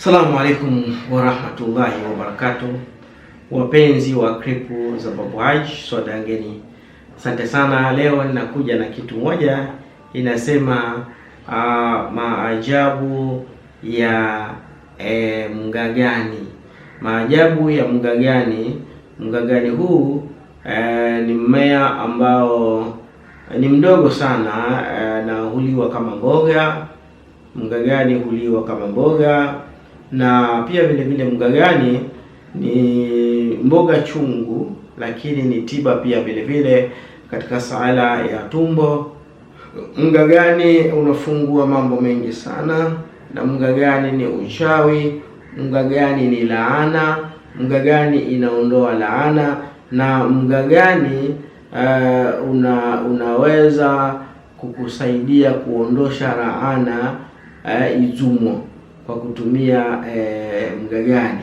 Salamu alaikum warahmatullahi wabarakatuh, wapenzi wa kripu za Babu Haji Swadaangeni, asante sana. Leo ninakuja na kitu moja inasema uh, maajabu ya e, eh, mgagani. Maajabu ya mgagani. Mgagani huu eh, ni mmea ambao eh, ni mdogo sana na huliwa kama mboga. Mgagani huliwa kama mboga na pia vile vile mgagani ni mboga chungu, lakini ni tiba pia vile vile katika sala ya tumbo. Mgagani unafungua mambo mengi sana, na mgagani ni uchawi, mgagani ni laana, mgagani inaondoa laana, na mgagani uh, una, unaweza kukusaidia kuondosha laana uh, izumo kwa kutumia e, eh, mgagani.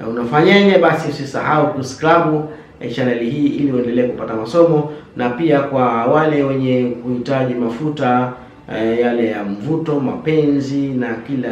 Eh, unafanyaje? Basi usisahau kusubscribe eh, chaneli hii ili uendelee kupata masomo, na pia kwa wale wenye kuhitaji mafuta e, yale ya mvuto, mapenzi na kila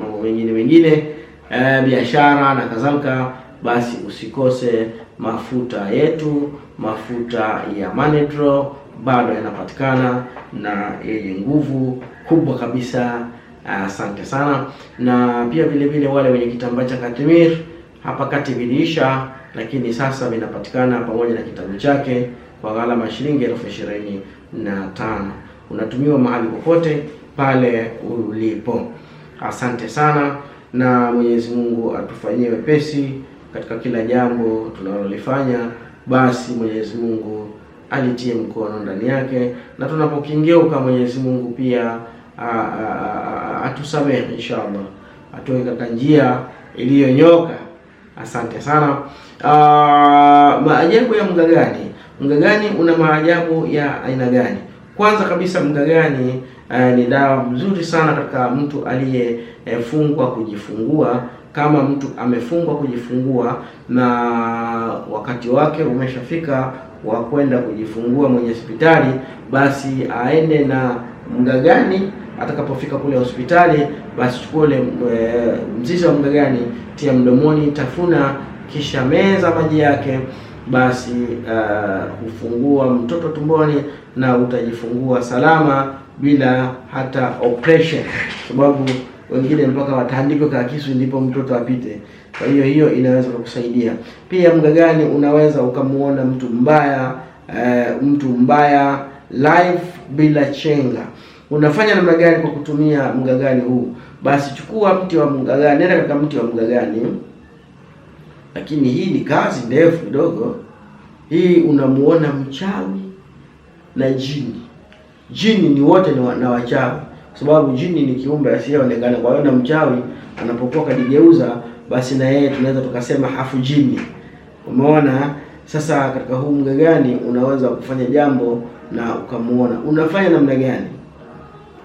mambo mengine mengine, e, biashara na kadhalika, basi usikose mafuta yetu. Mafuta ya Manedro bado yanapatikana na yenye nguvu kubwa kabisa. Asante sana, na pia vile vile wale wenye kitambaa cha Katimir hapa kati viliisha, lakini sasa vinapatikana pamoja na kitabu chake kwa gharama ya shilingi elfu ishirini na tano. Unatumiwa mahali popote pale ulipo. Asante sana, na Mwenyezi Mungu atufanyie wepesi katika kila jambo tunalolifanya. Basi Mwenyezi Mungu alitie mkono ndani yake, na tunapokingeuka Mwenyezi Mungu pia a, a, a, atusamehe inshallah, atoe katika njia iliyonyoka. Asante sana. Uh, maajabu ya mgagani. Mgagani una maajabu ya aina gani? Kwanza kabisa mgagani uh, eh, ni dawa mzuri sana katika mtu aliyefungwa eh, kujifungua kama mtu amefungwa kujifungua na wakati wake umeshafika wa kwenda kujifungua mwenye hospitali, basi aende na mgagani atakapofika kule hospitali, basi chukua ule eh, mzizi wa mgagani, tia mdomoni, tafuna, kisha meza maji yake, basi hufungua eh, ufungua mtoto tumboni na utajifungua salama bila hata operation, sababu wengine mpaka watandiko kwa kisu ndipo mtoto apite. Kwa hiyo hiyo inaweza kukusaidia pia. Mgagani unaweza ukamuona mtu mbaya, uh, mtu mbaya live bila chenga unafanya namna gani kwa kutumia mgagani huu? Basi chukua mti wa mgagani, nenda katika mti wa mgagani. Lakini hii ni kazi ndefu kidogo. Hii unamuona mchawi na jini. Jini ni wote na wachawi, kwa sababu jini ni kiumbe asiyeonekana. Kwa hiyo na mchawi anapokuwa kajigeuza, basi na yeye tunaweza tukasema hafu jini. Umeona? Sasa katika huu mgagani unaweza kufanya jambo na ukamuona. Unafanya namna gani?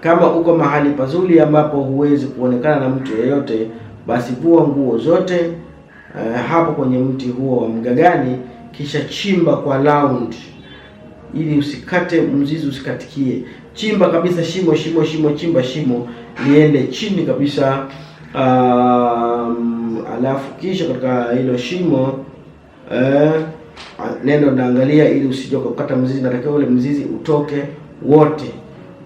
Kama uko mahali pazuri ambapo huwezi kuonekana na mtu yeyote, basi vua nguo zote eh, hapo kwenye mti huo wa mgagani, kisha chimba kwa round ili usikate mzizi, usikatikie. Chimba kabisa shimo shimo shimo, chimba shimo liende chini kabisa. Um, alafu kisha katika hilo shimo eh, nenda unaangalia ili usije ukakata mzizi, natakiwa ule mzizi utoke wote.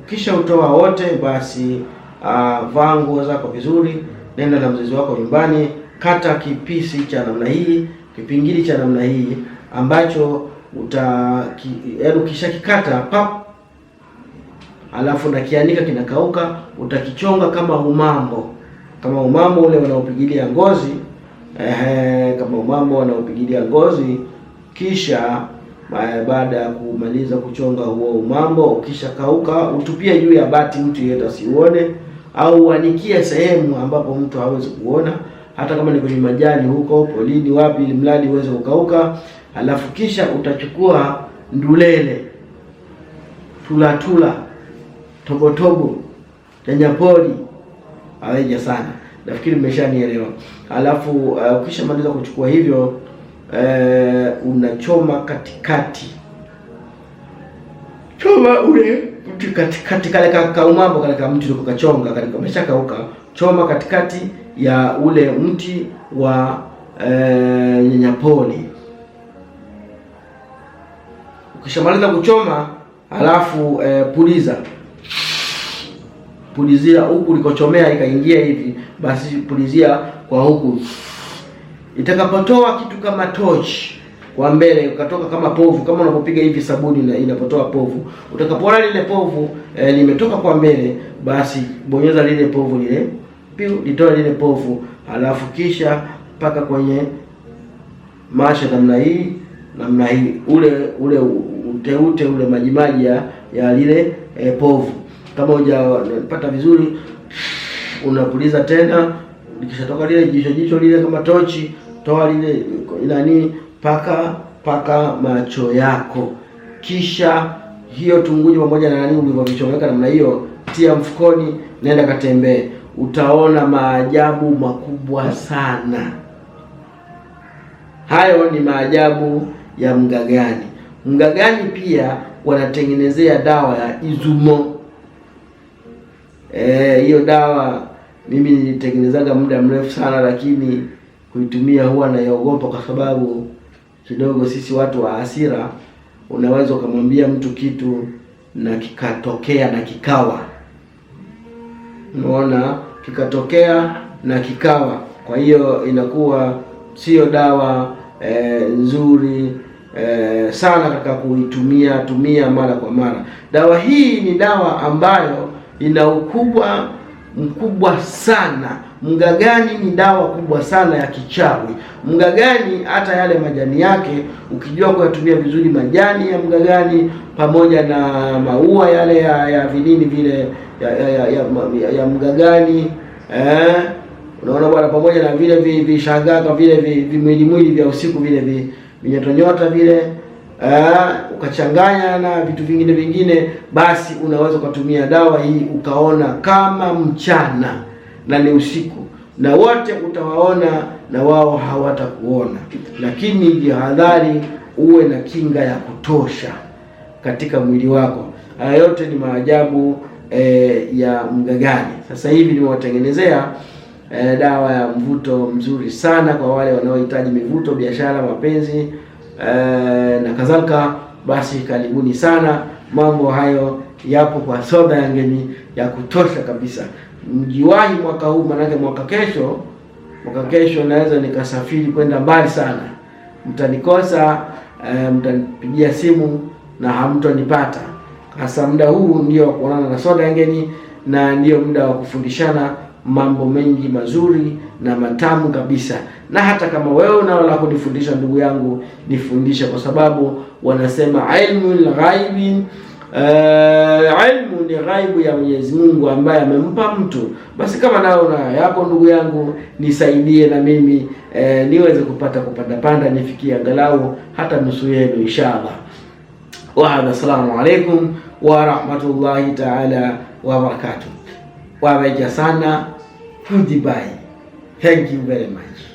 Kisha utoa wote, basi uh, vaa nguo zako vizuri, nenda na mzazi wako nyumbani, kata kipisi cha namna hii, kipingili cha namna hii ambacho uta ki, yaani ukishakikata pap, alafu nakianika kinakauka, utakichonga kama umambo, kama umambo ule unaopigilia ngozi ehe, kama umambo unaopigilia ngozi kisha baada ya kumaliza kuchonga huo umambo, ukishakauka utupie juu ya bati, mtu yeyote asiuone, au uanikie sehemu ambapo mtu hawezi kuona, hata kama ni kwenye majani huko polini, wapi, ili mradi uweze kukauka. Alafu kisha utachukua ndulele, tulatula, tobotobo, tenyapoli, aweja sana, nafikiri mmeshanielewa. Alafu uh, ukishamaliza uh, kuchukua hivyo eh, unachoma katikati, choma ule mti katikati, kale kaumambo kale ka mti ukakachonga kale kameshakauka, choma katikati ya ule mti wa eh, nyanyapori. Ukishamaliza kuchoma, halafu eh, puliza pulizia huku ulikochomea ikaingia hivi, basi pulizia kwa huku itakapotoa kitu kama tochi kwa mbele, ukatoka kama povu, kama unapopiga hivi sabuni na inapotoa povu, utakapoona lile povu e, limetoka kwa mbele, basi bonyeza lile povu lile, piu litoa lile povu, alafu kisha mpaka kwenye masha namna hii namna hii, ule ule uteute ule majimaji ya, ya lile e, povu. Kama hujapata vizuri, unapuliza tena likishatoka lile jicho jicho lile kama tochi, toa lile nani, paka paka macho yako, kisha hiyo tunguju pamoja na nani ulivyovichomeka namna hiyo, tia mfukoni, nenda katembee, utaona maajabu makubwa sana. Hayo ni maajabu ya mgagani. Mgagani pia wanatengenezea dawa ya izumo eh, hiyo, dawa mimi nilitengenezaga muda mrefu sana, lakini kuitumia huwa naiogopa, kwa sababu kidogo sisi watu wa hasira, unaweza ukamwambia mtu kitu na kikatokea na kikawa, unaona, kikatokea na kikawa. Kwa hiyo inakuwa sio dawa e, nzuri e, sana katika kuitumia tumia mara kwa mara. Dawa hii ni dawa ambayo ina ukubwa mkubwa sana. Mgagani ni dawa kubwa sana ya kichawi. Mgagani hata yale majani yake ukijua kuyatumia vizuri, majani ya mgagani pamoja na maua yale ya, ya vinini vile ya, ya, ya, ya, ya mgagani eh? Unaona bwana, pamoja na vile vishangaka vile vimwilimwili vya usiku vile vinyotanyoto vile uh, ukachanganya na vitu vingine vingine, basi unaweza ukatumia dawa hii ukaona kama mchana na ni usiku, na wote utawaona na wao hawatakuona. Lakini jihadhari, uwe na kinga ya kutosha katika mwili wako. Haya yote ni maajabu eh, ya mgagani. Sasa hivi nimewatengenezea eh, dawa ya mvuto mzuri sana kwa wale wanaohitaji mivuto, biashara, mapenzi Eh, na kadhalika. Basi karibuni sana, mambo hayo yapo kwa soda yangeni ya kutosha kabisa. Mjiwahi mwaka huu, manake mwaka kesho, mwaka kesho naweza nikasafiri kwenda mbali sana, mtanikosa e, mtanipigia simu na hamtonipata. Hasa muda huu ndio wa kuonana na soda yangeni na ndio muda wa kufundishana mambo mengi mazuri na matamu kabisa. Na hata kama wewe unao la kunifundisha, ndugu yangu, nifundishe, kwa sababu wanasema ilmu lghaibi Uh, eh, ilmu ni ghaibu ya Mwenyezi Mungu ambaye amempa mtu. Basi kama nao na yako ndugu yangu, nisaidie na mimi eh, niweze kupata kupanda panda nifikie angalau hata nusu yenu inshallah. Wa hada, assalamu alaikum wa rahmatullahi taala wa barakatuh. Wameja sana to Dubai. Thank you very much.